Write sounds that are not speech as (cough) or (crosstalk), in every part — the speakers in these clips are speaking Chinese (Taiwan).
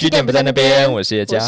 據點不在那邊，我是葉嘉。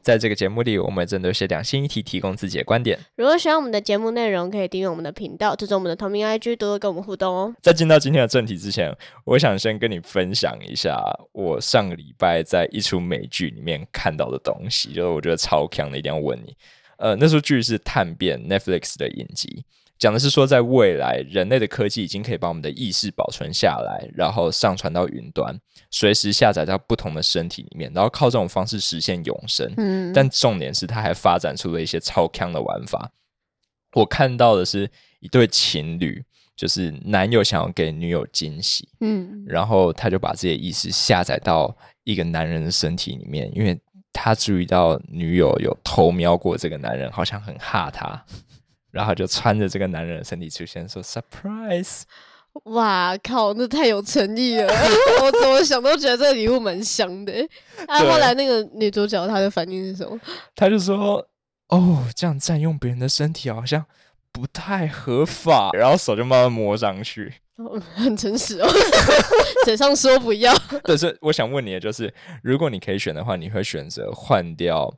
在這個節目裡，我們針對每兩性議題提供自己的觀點。如果喜歡我們的節目內容，可以訂閱我們的頻道，支持我們的同名 IG，多多跟我們互動哦。在進到今天的正題之前，我想先跟你分享一下我上個禮拜在一出美劇裡面看到的東西，就是我覺得超強的，一定要問你。呃，那出劇是《碳變》，Netflix 的影集，講的是說，在未來，人類的科技已經可以把我們的意識保存下來，然後上傳到雲端。隨時下載到不同的身體裡面，然後靠這種方式實現永生。嗯，但重點是他還發展出了一些超強的玩法。我看到的是一對情侶，就是男友想要給女友驚喜，嗯，然後他就把自己的意識下載到一個男人的身體裡面，因為他注意到女友有偷瞄過這個男人，好像很哈他，然後就穿着這個男人的身體出現，說 surprise。哇靠！那太有誠意了， (laughs) 我怎麼想都覺得這個禮物蠻香的欸。哎、啊，後來那個女主角她的反應是什麼？她就說：“哦，這樣占用別人的身體好像不太合法。”然後手就慢慢摸上去，嗯、很誠實哦。嘴 (laughs) (laughs) 上說不要，可是我想問你的就是，如果你可以選的話，你會選擇換掉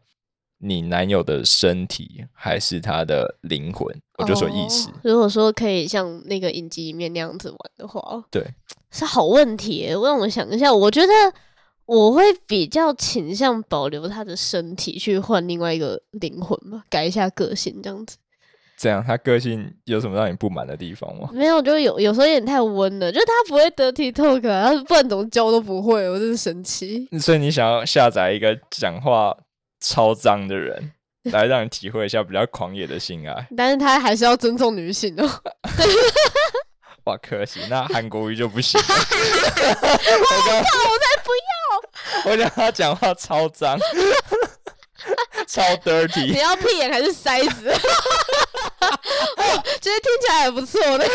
你男友的身體還是他的靈魂？我就說意思。哦、如果說可以像那個影集裡面那樣子玩的話，對，是好問題。我讓我想一下，我覺得我會比較傾向保留他的身體去換另外一個靈魂吧，改一下個性這樣子。這樣，他個性有什麼讓你不滿的地方嗎？沒有，就有有時候有點太溫了，就是他不會 dirty talk，、啊、他不然怎麼教都不會，我真的生氣。所以你想要下載一個講話？超髒的人，來讓你體會一下比較狂野的性愛。但是他還是要尊重女性哦、喔。 (laughs) 哇，可惜那韓國瑜就不行。 (laughs) (laughs) (laughs) 我靠可怕， (laughs) 我才不要！我想他講話超髒， (laughs) (laughs) 超 dirty。你要屁眼還是塞子？ (laughs) (laughs) 我覺得聽起來還不錯的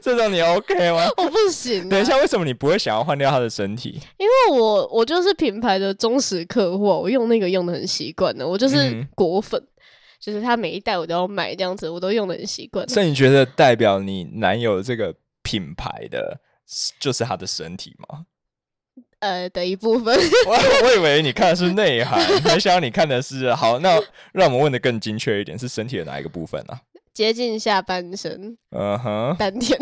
(laughs) 。這種你 OK 嗎？我不行、啊。等一下，為什麼你不會想要換掉他的身體？因為我我就是品牌的忠實客戶，我用那個用得很習慣的，我就是果粉、嗯，就是他每一代我都要買這樣子，我都用得很習慣、嗯。所以你覺得代表你男友這個品牌的就是他的身體嗎？呃的一部分我，我以為你看的是內涵，沒 (laughs) 想到你看的是好。那讓我們問得更精確一點，是身體的哪一個部分呢、啊？接近下半身，嗯、uh、哼 -huh.，丹田，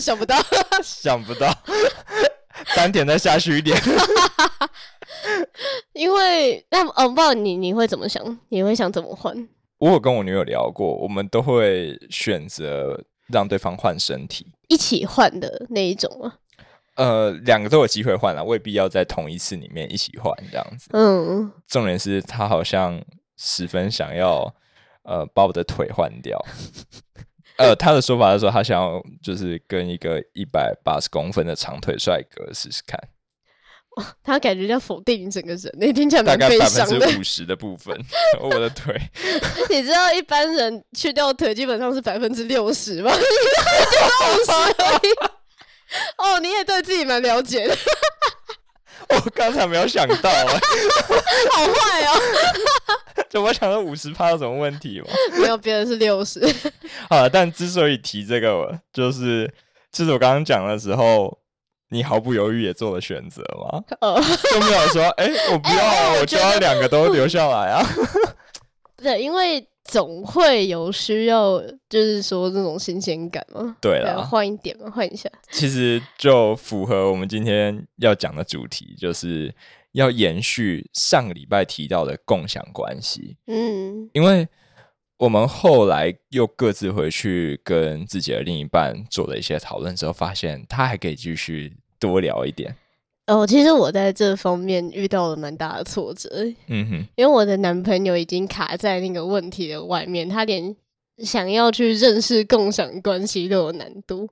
想不到，想不到，丹 (laughs) 田再下去一點，因 (laughs) 為那嗯，哦、不知道你你會怎麼想，你會想怎麼換？我有跟我女友聊過，我們都會選擇讓對方換身體，一起換的那一種啊。呃，兩個都有機會換了，未必要在同一次裡面一起換這樣子。嗯，重點是他好像十分想要呃，把我的腿換掉。 (laughs) 呃， (laughs) 他的說法是說，他想要就是跟一個一百八十公分的長腿帥哥試試看。哇、哦，他感覺要否定你整個人，那、欸、聽起來悲傷大概百分之五十的部分， (laughs) (laughs) 我的腿。 (laughs) 你知道一般人去掉腿基本上是百分之六十嗎？你才說哦、oh，你也對自己蠻了解的。 (laughs) 我剛才沒有想到啊、欸， (laughs) (laughs) 好壞壞哦， (laughs) 怎麼想到五十趴有什麼問題嗎 (laughs) 沒有別的是60，別人是六十。啊，但之所以提這個、就是，就是這是我剛剛講的時候，你毫不猶豫也做了選擇嗎？呃、oh. (laughs) 就沒有說，哎、欸，我不要、啊，欸、我，我就要兩個都留下來啊。 (laughs) 對，因為。總會有需要，就是說這種新鮮感嘛。對了，換一點嘛，換一下。其實就符合我們今天要講的主題，就是要延續上個禮拜提到的共享關係。嗯，因為我們後來又各自回去跟自己的另一半做了一些討論之後，發現他還可以繼續多聊一點。哦、oh，其實我在這方面遇到了蠻大的挫折。嗯哼，因為我的男朋友已經卡在那個問題的外面，他連想要去認識共享關係都有難度。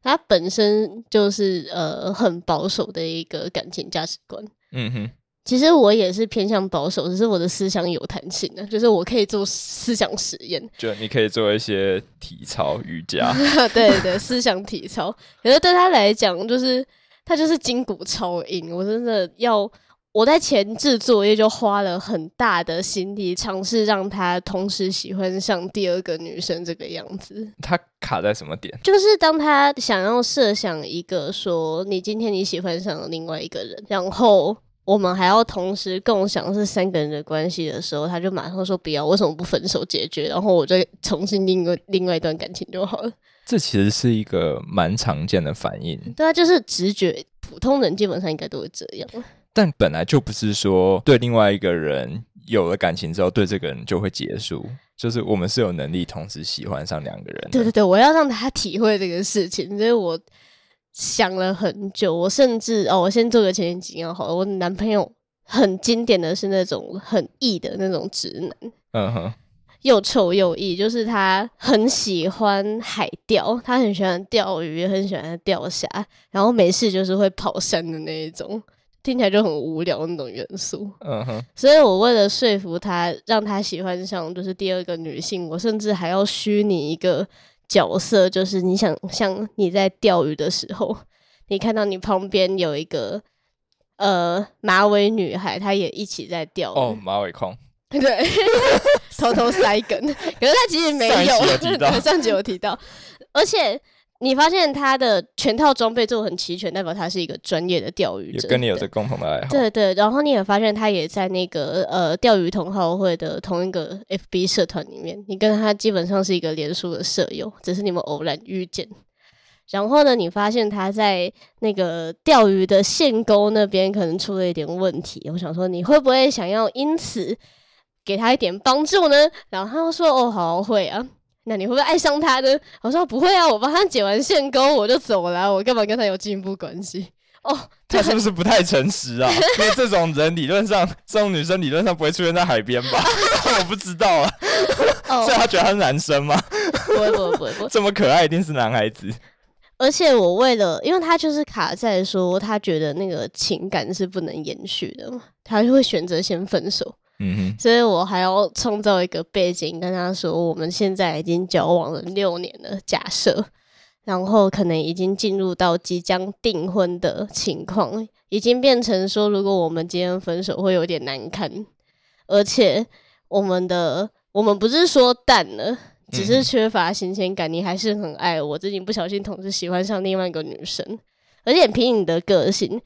他本身就是呃很保守的一個感情價值觀。嗯哼，其實我也是偏向保守，只是我的思想有彈性啊，就是我可以做思想實驗。就你可以做一些體操、瑜伽。 (laughs) 對對，對思想體操。可是對他來講，就是。他就是筋骨超硬，我真的要，我在前置作業就花了很大的心力，嘗試讓他同時喜歡上第二個女生這個樣子。他卡在什麼點？就是當他想要設想一個說，你今天你喜歡上了另外一個人，然後。我們還要同時共享是三個人的關係的時候，他就馬上說不要，為什麼不分手解決？然後我就重新另個另外一段感情就好了。這其實是一個蠻常見的反應，對啊，就是直覺，普通人基本上應該都是這樣。但本來就不是說對另外一個人有了感情之後，對這個人就會結束。就是我們是有能力同時喜歡上兩個人。對對對，我要讓他體會這個事情，所以我。想了很久，我甚至哦，我先做個前情提要好了。我男朋友很經典的是那種很 E 的那種直男，嗯哼，Uh-huh，又臭又 E，就是他很喜歡海釣，他很喜歡釣魚，很喜歡釣蝦，然後沒事就是會跑山的那一種，聽起來就很無聊那種元素，嗯哼。所以我為了說服他，讓他喜歡上就是第二個女性，我甚至還要虛擬一個。角色就是你想像你在釣魚的時候，你看到你旁邊有一個呃馬尾女孩，她也一起在釣魚哦、oh, 馬尾控對 (laughs) 偷偷塞腮梗， (laughs) 可是她其實沒有，有 (laughs) 上集有提到， (laughs) 而且。你發現他的全套裝備做很齊全，代表他是一個專業的釣魚者，有跟你有着共同的愛好。對對，然後你也發現他也在那個呃釣魚同好會的同一個 FB 社團裡面，你跟他基本上是一個臉書的社友，只是你們偶然遇見。然後呢，你發現他在那個釣魚的線鉤那邊可能出了一點問題，我想說你會不會想要因此給他一點幫助呢？然後他說：“哦，好，好會啊。”那你會不會愛上他的？我說不會啊，我幫他剪完線鈎我就走了、啊，我幹嘛跟他有進一步關係？哦、oh，他是不是不太誠實啊？ (laughs) 因為這種人理論上， (laughs) 這種女生理論上不會出現在海邊吧？我不知道啊。所以他覺得他是男生嗎？ (laughs) 不會不會不會不會， (laughs) 這麼可愛一定是男孩子。而且我為了，因為他就是卡在說，他覺得那個情感是不能延續的嘛，他就會選擇先分手。嗯哼，所以我還要創造一個背景，跟他說我們現在已經交往了六年了，假設，然後可能已經進入到即將訂婚的情況，已經變成說，如果我們今天分手會有點難堪，而且我們的我們不是說淡了，只是缺乏新鮮感，嗯，你還是很愛我，最近不小心同時喜歡上另外一個女生，而且憑你的個性，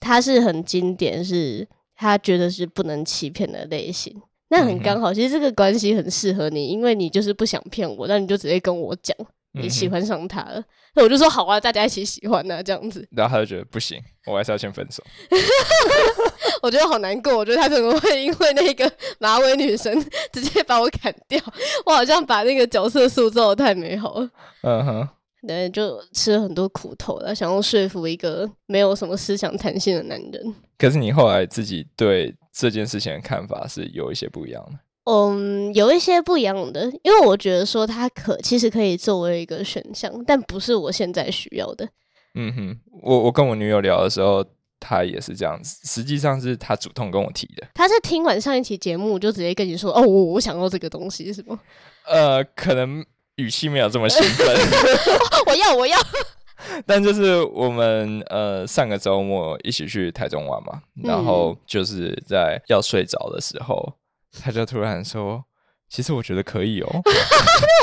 他是很經典是。他覺得是不能欺騙的類型，那很剛好、嗯。其實這個關係很適合你，因為你就是不想騙我，那你就直接跟我講你喜歡上他了。那、嗯、我就說好啊，大家一起喜歡啊。這樣子。然後他就覺得不行，我還是要先分手。 (laughs) (laughs) (laughs) 我覺得好難過，我覺得他怎麼會因為那個馬尾女生直接把我砍掉？我好像把那個角色塑造得太美好了。嗯哼。對，就吃了很多苦頭，他想要說服一個沒有什麼思想彈性的男人。可是你後來自己對這件事情的看法是有一些不一樣的。嗯，um，有一些不一樣的，因為我覺得說他可其實可以作為一個選項，但不是我現在需要的。嗯哼，我我跟我女友聊的時候，她也是這樣子。實際上是他主動跟我提的。他是聽完上一期節目就直接跟你說：“哦，我我想要這個東西，是嗎？”呃，可能。語氣沒有這麼興奮 (laughs) ，我要我要 (laughs) 但就是我們呃上個周末一起去台中玩嘛，嗯，然後就是在要睡着的時候，嗯，他就突然說：“其實我覺得可以哦。 (laughs) ”為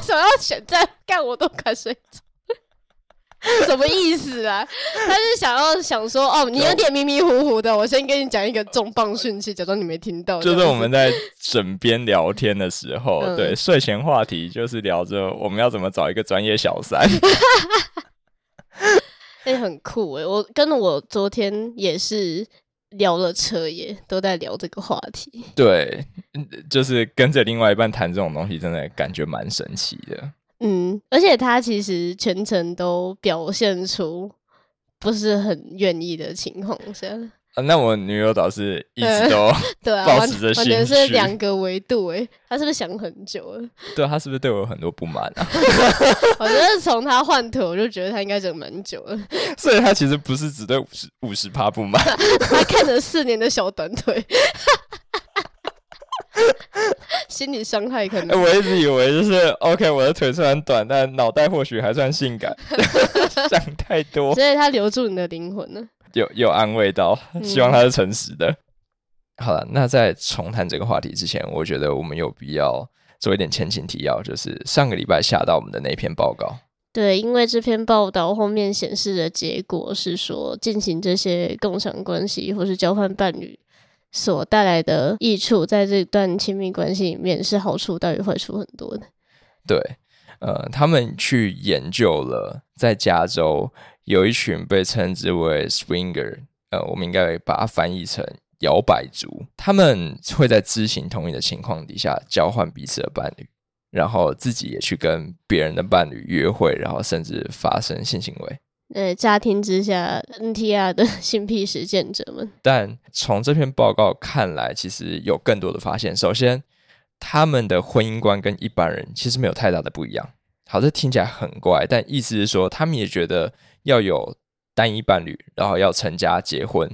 什麼要現在幹，我都快睡着？ (laughs) 什麼意思啊？他是想要想說哦，你有點迷迷糊糊，糊的。我先跟你講一個重磅訊息，呃、假裝你沒聽到。就是我們在枕邊聊天的時候， (laughs) 對 (laughs) 睡前話題就是聊着我們要怎麼找一個專業小三 (laughs) 。哎、 (laughs) 欸，很酷誒，我跟我昨天也是聊了車耶，也都在聊這個話題。對，就是跟着另外一半談這種東西，真的感覺蠻神奇的。嗯，而且他其實全程都表現出不是很願意的情況下、啊，那我女友倒是一直都對保持着興趣、啊、是兩個維度哎、欸，他是不是想很久了？對他是不是對我有很多不滿啊？ (laughs) 我覺得從他換腿，我就覺得他應該整蠻久了，所以他其實不是只對五十五十趴不滿 (laughs) 他看了四年的小短腿。 (laughs) (laughs) 心理傷害可能、欸，我一直以為就是 (laughs) OK。我的腿雖然短，但腦袋或許還算性感。 (laughs) 想太多，所以他留住你的靈魂呢？有有安慰到，希望他是誠實的。嗯、好了，那在重談這個話題之前，我覺得我們有必要做一點前情提要，就是上個禮拜下到我們的那篇報告。對，因為這篇報道後面顯示的結果是說，進行這些共享關係或是交換伴侶。所帶來的益處，在這段親密關係裡面是好處，倒也會出很多的。對，呃，他們去研究了，在加州有一群被稱之為 swinger，呃，我們應該把它翻譯成搖擺族。他們會在知情同意的情況底下交換彼此的伴侶，然後自己也去跟別人的伴侶約會，然後甚至發生性行為。呃，家庭之下，NTR 的性癖實踐者們。但從這篇報告看來，其實有更多的發現。首先，他們的婚姻觀跟一般人其實沒有太大的不一樣。好，這聽起來很怪，但意思是說，他們也覺得要有單一伴侶，然後要成家結婚，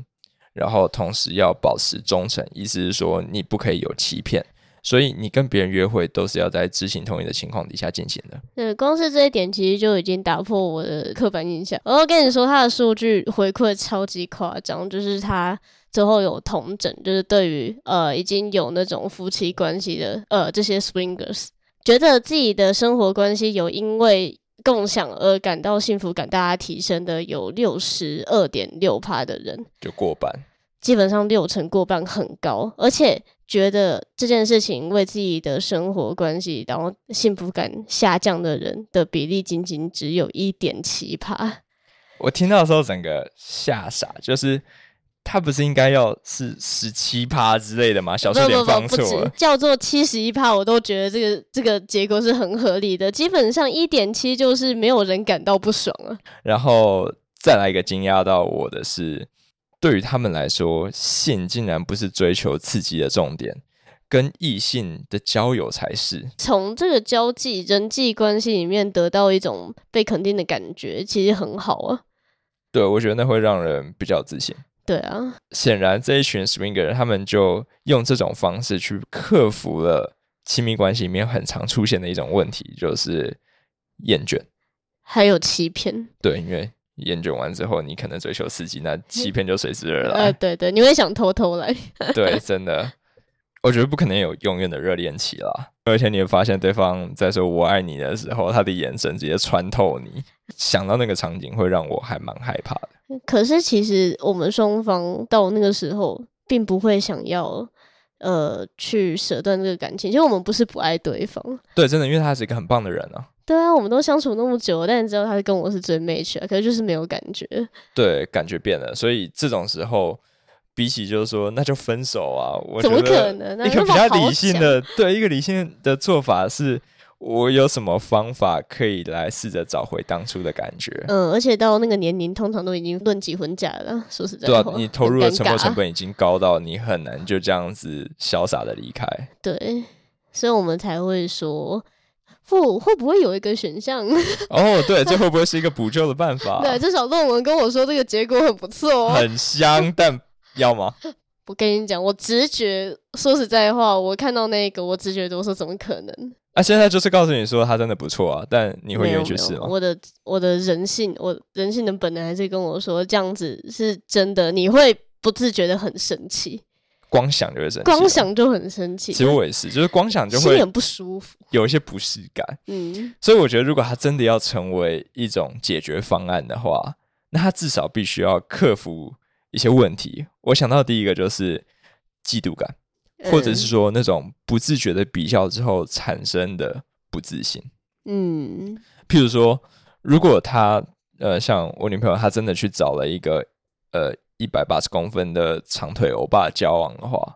然後同時要保持忠誠。意思是說，你不可以有欺騙。所以你跟別人約會都是要在知情同意的情況底下進行的。對，光是這一點其實就已經打破我的刻板印象。我要跟你說，他的數據回饋超級誇張，就是他最後有統整，就是對於呃已經有那種夫妻關係的呃這些 swingers，覺得自己的生活關係有因為共享而感到幸福感大大提升的有，有六十二點六趴的人，就過半。基本上六成過半很高，而且覺得這件事情為自己的生活關係然後幸福感下降的人的比例僅僅只有一點七趴。我聽到的時候整個嚇傻，就是他不是應該要是十七趴之類的嗎？小數點放錯了，叫做七十一趴，我都覺得這個這個結果是很合理的。基本上一點七就是沒有人感到不爽啊。然後再來一個驚訝到我的是。對於他們來說，性竟然不是追求刺激的重點，跟異性的交友才是。從這個交際、人際關係裡面得到一種被肯定的感覺，其實很好啊。對，我覺得那會讓人比較自信。對啊，顯然這一群 swinger 他們就用這種方式去克服了親密關係裡面很常出現的一種問題，就是厭倦，還有欺騙。對，因為。厭倦完之後，你可能追求刺激，那欺騙就隨之而來。嗯，呃，對對，你會想偷偷來。 (laughs) 對，真的，我覺得不可能有永遠的熱戀期了。而且你會發現，對方在說“我愛你”的時候，他的眼神直接穿透你。想到那個場景，會讓我還蠻害怕的。可是，其實我們雙方到那個時候，並不會想要。呃，去捨斷這個感情，其實我們不是不愛對方，對，真的，因為他是一個很棒的人啊。對啊，我們都相處了那麼久，但你知道他是跟我是最 match，可是就是沒有感覺。對，感覺變了，所以這種時候，比起就是說，那就分手啊？我怎麼可能？一個比較理性的，對，一個理性的做法是。我有什麼方法可以來試着找回當初的感覺？嗯，而且到那個年齡，通常都已經論及婚嫁了。說實在話，對啊、你投入的沉沒成本已經高到你很難就這樣子瀟灑的離開。對，所以，我們才會說，不、哦，會不會有一個選項？哦，對， (laughs) 這會不會是一個補救的辦法？ (laughs) 對，至少論文跟我說這個結果很不錯、啊，哦。很香。但要嗎？我 (laughs) 跟你講，我直覺說實在話，我看到那個，我直覺都說，怎麼可能？啊，現在就是告訴你說，他真的不錯啊，但你會願意去試嗎？沒有沒有？我的我的人性，我人性的本能還是跟我說這樣子是真的，你會不自覺的很生氣。光想就會生氣，光想就很生氣。其實我也是，就是光想就會心裡很不舒服，有一些不適感。嗯，所以我覺得如果他真的要成為一種解決方案的話，那他至少必須要克服一些問題。我想到的第一個就是嫉妒感。或者是說那種不自覺的比較之後產生的不自信，嗯，譬如說，如果他呃，像我女朋友，她真的去找了一個呃一百八十公分的長腿歐巴交往的話，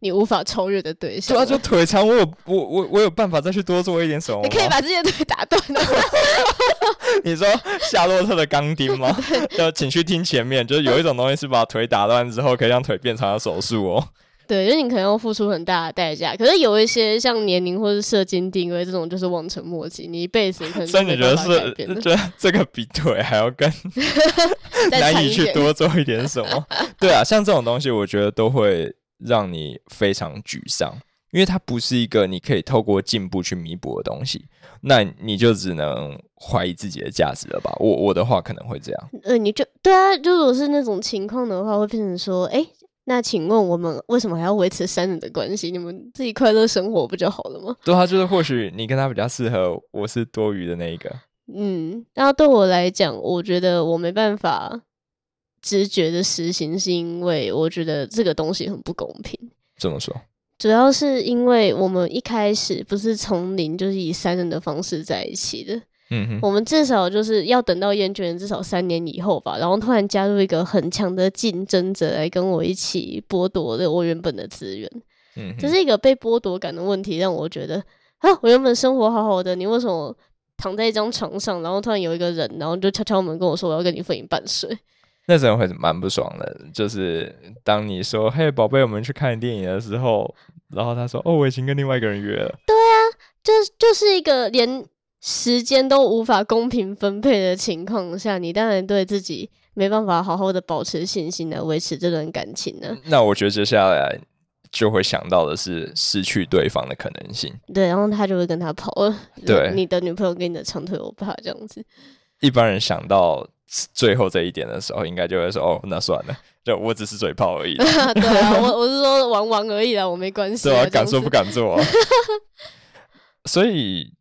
你無法超越的對象，對啊，就腿長，我有我我我有辦法再去多做一點什麼？你可以把自己的腿打斷的， (laughs) (laughs) 你說夏洛特的鋼釘嗎？要 (laughs) 請去聽前面，就是有一種東西是把腿打斷之後可以讓腿變長的手術哦。對因、就、為、是、你可能要付出很大的代價。可是有一些像年齡或是社經定位這種，就是望塵莫及。你一輩子可能就大。所以你覺得是覺得這個比腿還要更難以去多做一點什麼？ (laughs) 對啊，像這種東西，我覺得都會讓你非常沮喪，因為它不是一個你可以透過進步去彌補的東西。那你就只能懷疑自己的價值了吧？我我的話可能會這樣。呃，你就對啊，如果是那種情況的話，會變成說，哎、欸。那請問我們為什麼還要維持三人的關係？你們自己快樂生活不就好了嗎？對啊，就是或許你跟他比較適合，我是多餘的那一個。嗯，然後對我來講，我覺得我沒辦法直覺的實行，是因為我覺得這個東西很不公平。怎麼說？主要是因為我們一開始不是從零，就是以三人的方式在一起的。嗯哼，我們至少就是要等到厭倦至少三年以後吧，然後突然加入一個很強的競爭者來跟我一起剝奪我原本的資源，嗯，這是一個被剝奪感的問題，讓我覺得啊，我原本生活好好的，你為什麼躺在一張床上，然後突然有一個人，然後就敲敲門跟我說我要跟你分一半睡，那時候還是蠻不爽的。就是當你說嘿，寶貝，我們去看電影的時候，然後他說哦，我已經跟另外一個人約了，對啊，就就是一個連。時間都無法公平分配的情況下，你當然對自己沒辦法好好的保持信心來、啊、維持這段感情呢、啊。那我覺得接下來就會想到的是失去對方的可能性。對，然後他就會跟他跑了。對，你的女朋友跟你的長腿歐巴這樣子。一般人想到最後這一點的時候，應該就會說：“哦，那算了，就我只是嘴炮而已。 (laughs) ”對啊，我我是說玩玩而已啦，我沒關係。對啊，敢說不敢做、啊。 (laughs) 所以。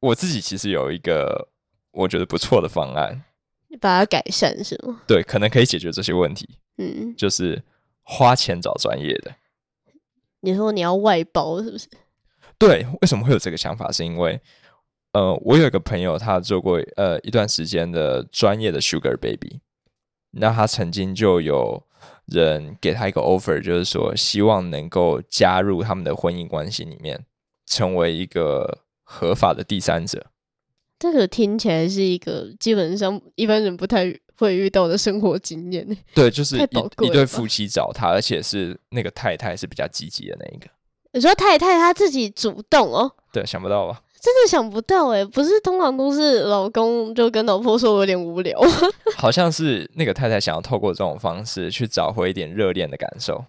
我自己其實有一個我覺得不錯的方案，你把它改善是嗎？對，可能可以解決這些問題。嗯，就是花錢找專業的。你說你要外包是不是？對，為什麼會有這個想法？是因為呃，我有一個朋友，他做過呃一段時間的專業的 Sugar Baby，那他曾經就有人給他一個 offer，就是說希望能夠加入他們的婚姻關係裡面，成為一個。合法的第三者，這個聽起來是一個基本上一般人不太會遇到的生活經驗。對，就是一，一對夫妻找他，而且是那個太太是比較積極的那一個。你說太太她自己主動哦？對，想不到吧？真的想不到哎、欸，不是通常都是老公就跟老婆說有點無聊， (laughs) 好像是那個太太想要透過這種方式去找回一點熱戀的感受。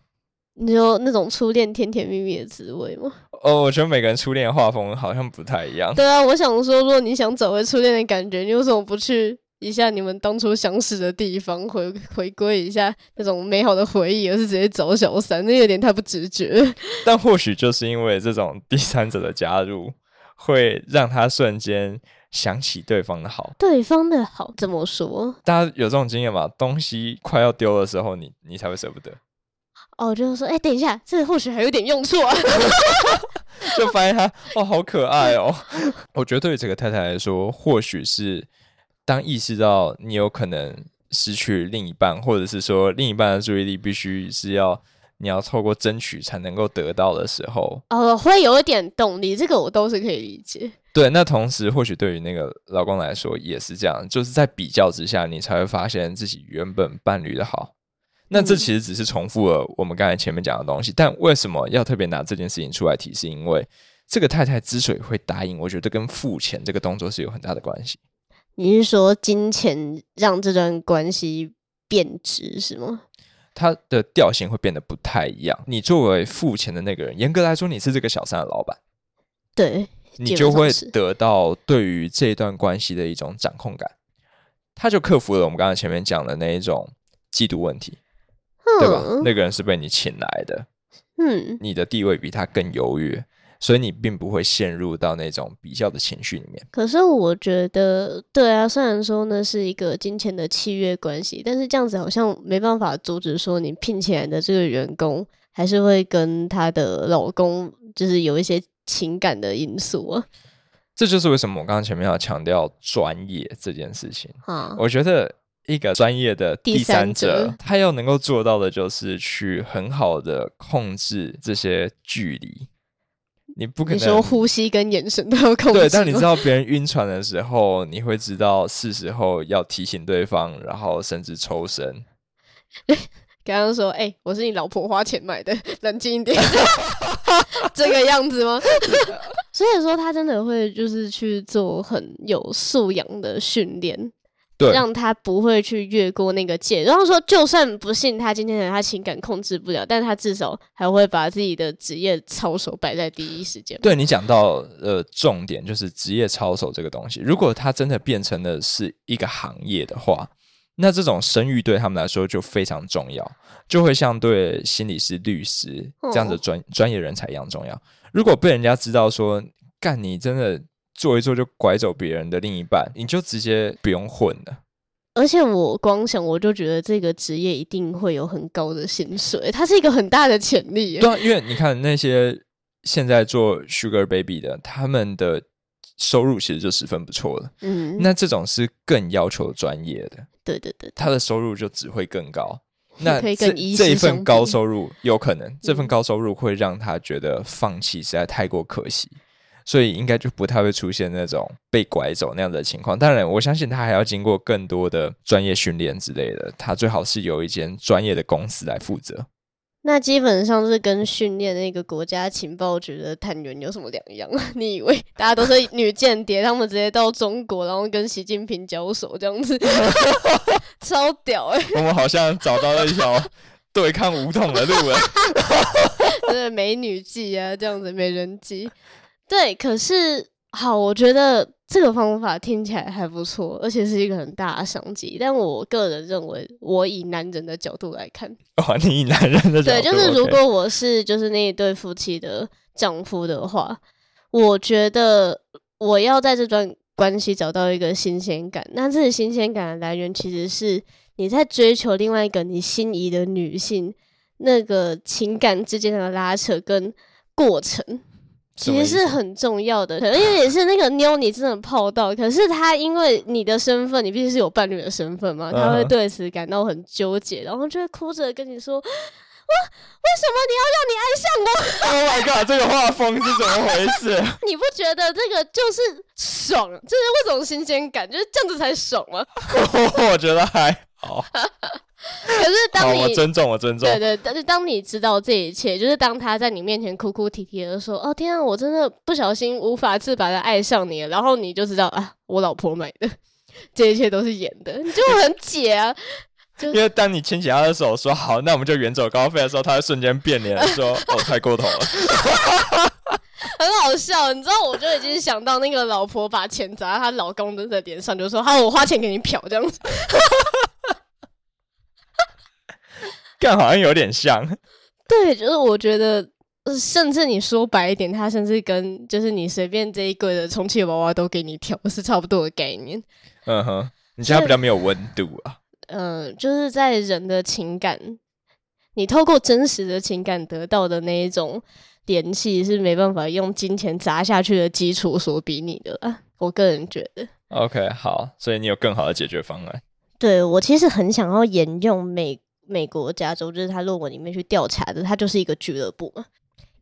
你說那種初戀甜甜蜜蜜的滋味嗎？哦、oh,，我覺得每個人初戀的畫風好像不太一樣。對啊，我想說，如果你想找回初戀的感覺，你為什麼不去一下你們當初相識的地方回，回回歸一下那種美好的回憶，而是直接找小三？那有點太不直覺。但或許就是因為這種第三者的加入，會讓他瞬間想起對方的好。對方的好怎麼說？大家有這種經驗嘛？東西快要丟的時候你，你你才會捨不得。哦，就是說，哎、欸，等一下，這個、或許還有點用處、啊， (laughs) 就發現他，哦，好可愛哦！我覺得對於這個太太來說，或許是當意識到你有可能失去另一半，或者是說另一半的注意力必須是要你要透過爭取才能夠得到的時候，哦，會有一點動力，這個我都是可以理解。對，那同時，或許對於那個老公來說也是這樣，就是在比較之下，你才會發現自己原本伴侶的好。那這其實只是重複了我們剛才前面講的東西，但為什麼要特別拿這件事情出來提？是因為這個太太之所以會答應，我覺得跟付錢這個動作是有很大的關係。你是說金錢讓這段關係貶值是嗎？它的調性會變得不太一樣。你作為付錢的那個人，嚴格來說你是這個小三的老闆，對，你就會得到對於這一段關係的一種掌控感。他就克服了我們剛才前面講的那一種嫉妒問題。嗯、對吧？那個人是被你請來的，嗯，你的地位比他更優越，所以你並不會陷入到那種比較的情緒裡面。可是我覺得，對啊，雖然說那是一個金錢的契約關係，但是這樣子好像沒辦法阻止說你聘起來的這個員工還是會跟他的老公就是有一些情感的因素啊。這就是為什麼我剛剛前面要強調專業這件事情。啊，我覺得。一個專業的第三，第三者，他要能夠做到的，就是去很好的控制這些距離。你不可能，你說呼吸跟眼神都要控制。對，當你知道別人暈船的時候， (laughs) 你會知道是時候要提醒對方，然後甚至抽身。剛剛說，哎、欸，我是你老婆花錢買的，冷靜一點， (laughs) (laughs) 這個樣子嗎？ (laughs) 所以說，他真的會就是去做很有素養的訓練。對，讓他不會去越過那個界，然後說，就算不信他今天的他情感控制不了，但是他至少還會把自己的職業操守擺在第一時間。對，你講到，呃，重點就是職業操守這個東西。如果他真的變成的是一個行業的話，那這種聲譽對他們來說就非常重要，就會像對心理師、律師這樣的專專業人才一樣重要。哦。如果被人家知道說幹你真的。做一做就拐走別人的另一半，你就直接不用混了。而且我光想，我就覺得這個職業一定會有很高的薪水，它是一個很大的潛力。對、啊，因為你看那些現在做 Sugar Baby 的，他們的收入其實就十分不錯了。嗯，那這種是更要求專業的。對對對，他的收入就只會更高。那這這一份高收入，有可能、嗯、這份高收入會讓他覺得放棄實在太過可惜。所以應該就不太會出現那種被拐走那樣的情況。當然，我相信他還要經過更多的專業訓練之類的。他最好是由一間專業的公司來負責。那基本上是跟訓練那個國家情報局的探員有什麼兩樣？你以為大家都是女間諜， (laughs) 他們直接到中國，然後跟習近平交手這樣子， (laughs) (laughs) 超屌哎、欸！ (laughs) 我們好像找到了一條對抗武統的路 (laughs) (laughs) 真的美女計啊，這樣子美人計。對，可是好，我覺得這個方法聽起來還不錯，而且是一個很大的商機。但我個人認為，我以男人的角度來看，哦，你以男人的角度，對，就是如果我是就是那一對夫妻的丈夫的話，okay，我覺得我要在這段關係找到一個新鮮感，那這個新鮮感的來源其實是你在追求另外一個你心儀的女性，那個情感之間的拉扯跟過程。其實是很重要的，可能也是那個妞你真的泡到， (laughs) 可是他因為你的身份，你畢竟是有伴侶的身份嘛，他會對此感到很糾結，uh-huh. 然後就會哭着跟你說哇：“為什麼你要讓你愛上我？”Oh my god， (laughs) 這個畫風是怎麼回事？ (laughs) 你不覺得這個就是爽，就是那種新鮮感，就是這樣子才爽嗎？ (laughs) (laughs) 我覺得還好。 (laughs) 可是當你尊重我尊重，我尊重對，對對，但是當你知道這一切，就是當他在你面前哭哭啼啼的說哦天啊，我真的不小心無法自拔的愛上你了，然後你就知道啊，我老婆買的這一切都是演的，你就很解啊。 (laughs) 因為當你牽起他的手說好，那我們就遠走高飛的時候，他會瞬間變臉 (laughs) 說哦太過頭了 (laughs) ， (laughs) 很好笑。你知道我就已經想到那個老婆把錢砸在她老公的臉上，就說好，我花錢給你嫖這樣子。 (laughs) (laughs) 幹好像有點像，對，就是我覺得，甚至你說白一點，它甚至跟就是你隨便這一櫃的充氣娃娃都給你挑是差不多的概念。嗯哼，你現在比較沒有溫度啊。嗯、呃，就是在人的情感，你透過真實的情感得到的那一種聯繫，是沒辦法用金錢砸下去的基礎所比擬的。我個人覺得，OK，好，所以你有更好的解決方案？對我其實很想要沿用美。美國加州就是他論文裡面去調查的，他就是一個俱樂部，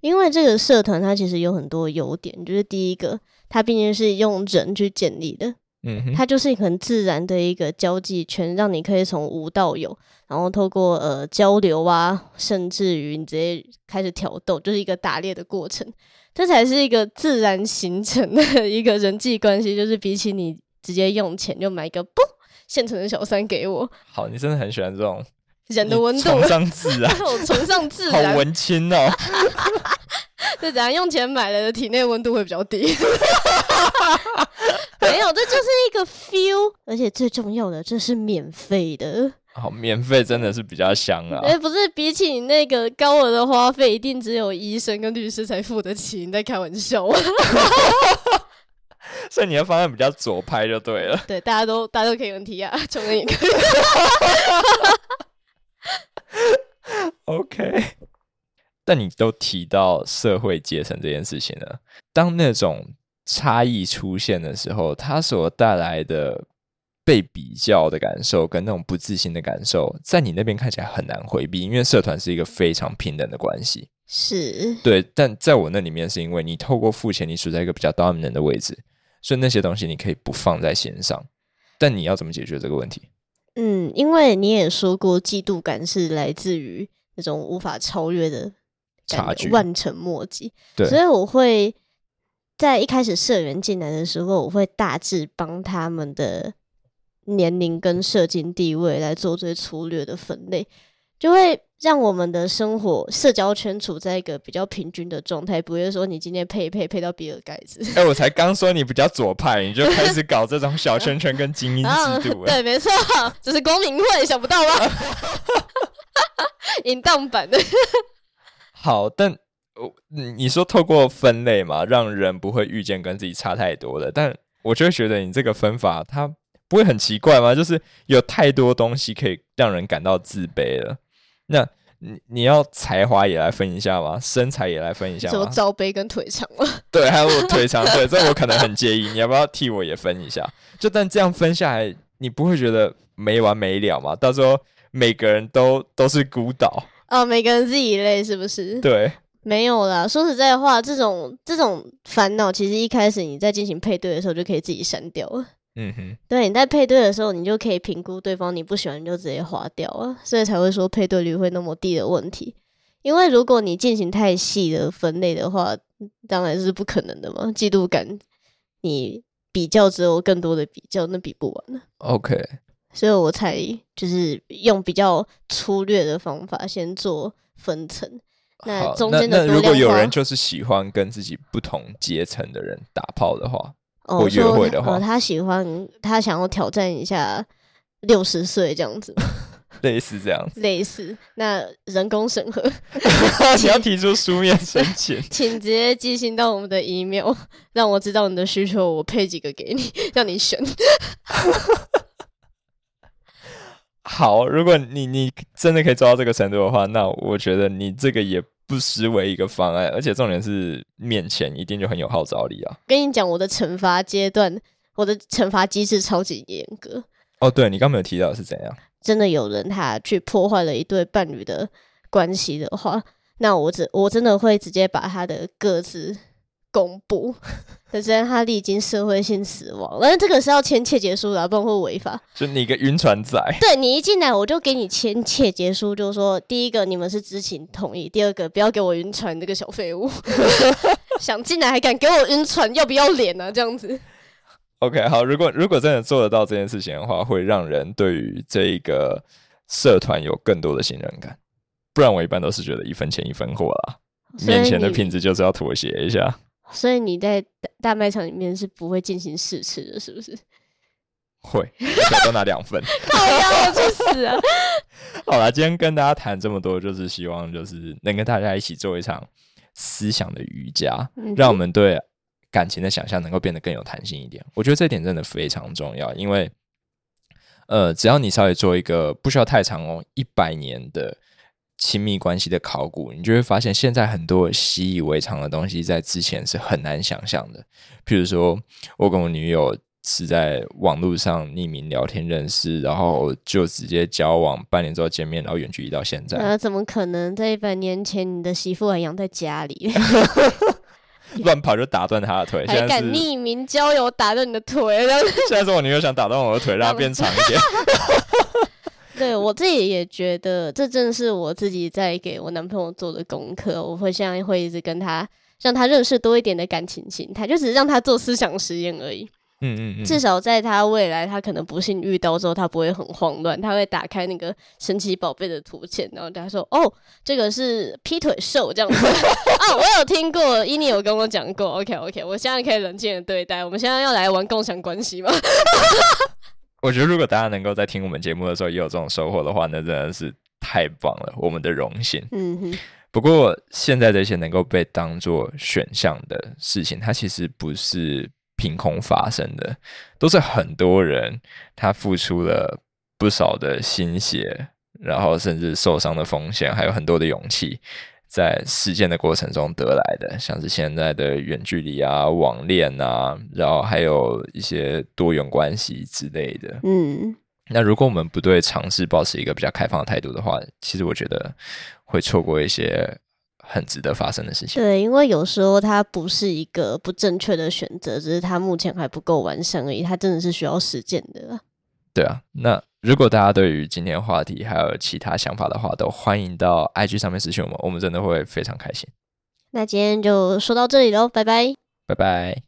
因為這個社團它其實有很多優點。就是第一個，它畢竟是用人去建立的，嗯哼，它就是很自然的一個交際圈，讓你可以從無到有，然後透過呃交流啊，甚至於你直接開始挑逗，就是一個打獵的過程，這才是一個自然形成的一個人際關係。就是比起你直接用錢就買一個不現成的小三給我，好，你真的很喜歡這種。人的溫度，崇尚自然，崇尚自然，好文青哦！ (laughs) 這怎樣用錢買來的體內溫度會比較低？ (laughs) (laughs) 沒有，這就是一個 feel，而且最重要的，這是免費的。好、哦，免費真的是比較香啊！哎、欸，不是，比起你那個高額的花費，一定只有醫生跟律師才付得起，你在開玩笑 (laughs) 所以你的方向比較左派就對了。對，大家都，大家都可以用 T 啊，重溫一個。 (laughs) (laughs) (laughs) OK，但你都提到社會階層這件事情了。當那種差異出現的時候，它所帶來的被比較的感受跟那種不自信的感受，在你那邊看起來很難回避，因為社團是一個非常平等的關係。是，對。但在我那裡面，是因為你透過付錢，你處在一個比較 dominant 的位置，所以那些東西你可以不放在心上。但你要怎麼解決這個問題？嗯，因為你也說過，嫉妒感是來自於那種無法超越的差距，望塵莫及，對。所以我會在一開始社員進來的時候，我會大致幫他們的年齡跟社經地位來做最粗略的分類，就會。讓我們的生活社交圈處在一個比較平均的狀態，不會說你今天配配配到比爾蓋茨。哎、欸，我才剛說你比較左派， (laughs) 你就開始搞這種小圈圈跟精英制度、啊啊。對，沒錯，只是光明會， (laughs) 想不到吧？淫蕩版的 (laughs) 好，但我你說透過分類嘛，讓人不會遇見跟自己差太多的。但我就會覺得你這個分法，它不會很奇怪嗎？就是有太多東西可以讓人感到自卑了。那你你要才華也來分一下嗎？身材也來分一下？什麼罩杯跟腿長嗎？對，還有我腿長，對，這我可能很介意。 (laughs) 你要不要替我也分一下？就但這樣分下來，你不會覺得沒完沒了嗎？到時候每個人都都是孤島。哦，每個人自己一類是不是？對，沒有啦。說實在的話，這種這種煩惱，其實一開始你在進行配對的時候就可以自己刪掉了。嗯哼，對，你在配對的時候，你就可以評估對方，你不喜歡你就直接劃掉啊，所以才會說配對率會那麼低的問題。因為如果你進行太細的分類的話，當然是不可能的嘛，嫉妒感，你比較之後更多的比較，那比不完了啊，OK，所以我才就是用比較粗略的方法先做分層。那中間的，如果有人就是喜歡跟自己不同階層的人打炮的話。哦、我約會的話，哦、他喜歡他想要挑戰一下六十歲這樣子， (laughs) 類似這樣，類似那人工審核， (laughs) (laughs) 你要提出書面申請， (laughs) 請直接寄信到我們的 email，讓我知道你的需求，我配幾個給你讓你選。 (laughs) (laughs) 好，如果你你真的可以做到這個程度的話，那我覺得你這個也不失為一個方案，而且重點是面前一定就很有號召力啊！跟你講，我的懲罰階段，我的懲罰機制超級嚴格。哦對，對你剛剛沒有提到的是怎樣？真的有人他去破壞了一對伴侶的關係的話，那我真我真的會直接把他的各自。公布，可是他歷經社會性死亡了，而且這個是要簽切結書的，啊，不然會違法。就你個暈船仔，對你一進來我就給你簽切結書，就是說，第一個你們是知情同意，第二個不要給我暈船，這個小廢物， (laughs) (laughs) 想進來還敢給我暈船，要不要臉啊？這樣子。OK，好，如果如果真的做得到這件事情的話，會讓人對於這一個社團有更多的信任感，不然我一般都是覺得一分錢一分貨啦，面前的品質就是要妥協一下。所以你在大賣場裡面是不會進行試吃的是不是？會，多拿兩份。好呀，我去死啊！好了，今天跟大家談這麼多，就是希望就是能跟大家一起做一場思想的瑜伽，嗯、讓我們對感情的想象能夠變得更有彈性一點。我覺得這點真的非常重要，因為，呃，只要你稍微做一個，不需要太長哦，一百年的。親密關係的考古，你就會發現現在很多習以為常的東西，在之前是很難想象的。譬如說我跟我女友是在網路上匿名聊天認識，然後就直接交往，半年之後見面，然後遠距離到現在。那、啊、怎麼可能？在一百年前，你的媳婦還養在家裡， (laughs) 亂跑就打斷他的腿。還敢匿名交友，打斷你的腿？現在，是 (laughs) 現在是我女友想打斷我的腿， (laughs) 讓她變長一點。 (laughs) 對我自己也覺得，這正是我自己在給我男朋友做的功課。我會現在會一直跟他，讓他認識多一點的感情形態，就只是讓他做思想實驗而已。嗯嗯嗯。至少在他未來，他可能不幸遇到之後，他不會很慌亂，他會打開那個神奇寶貝的圖鑑，然後他說：“哦，這個是劈腿獸這樣子。 (laughs) ”啊、哦，我有聽過，伊尼有跟我講過。OK OK，我現在可以冷靜地對待。我們現在要來玩共享關係嗎？ (laughs) 我覺得，如果大家能夠在聽我們節目的時候也有這種收穫的話，那真的是太棒了，我們的榮幸。嗯哼。不過，現在這些能夠被當做選項的事情，它其實不是憑空發生的，都是很多人他付出了不少的心血，然後甚至受傷的風險，還有很多的勇氣。在實踐的過程中得來的，像是現在的遠距離啊、網戀啊，然後還有一些多元關係之類的。嗯，那如果我們不對嘗試保持一個比較開放的態度的話，其實我覺得會錯過一些很值得發生的事情。對，因為有時候它不是一個不正確的選擇，只是它目前還不夠完善而已。它真的是需要實踐的。對啊，那。如果大家對於今天的話題還有其他想法的話，都歡迎到 IG 上面私信我們，我們真的會非常開心。那今天就說到這裡嘍，拜拜，拜拜。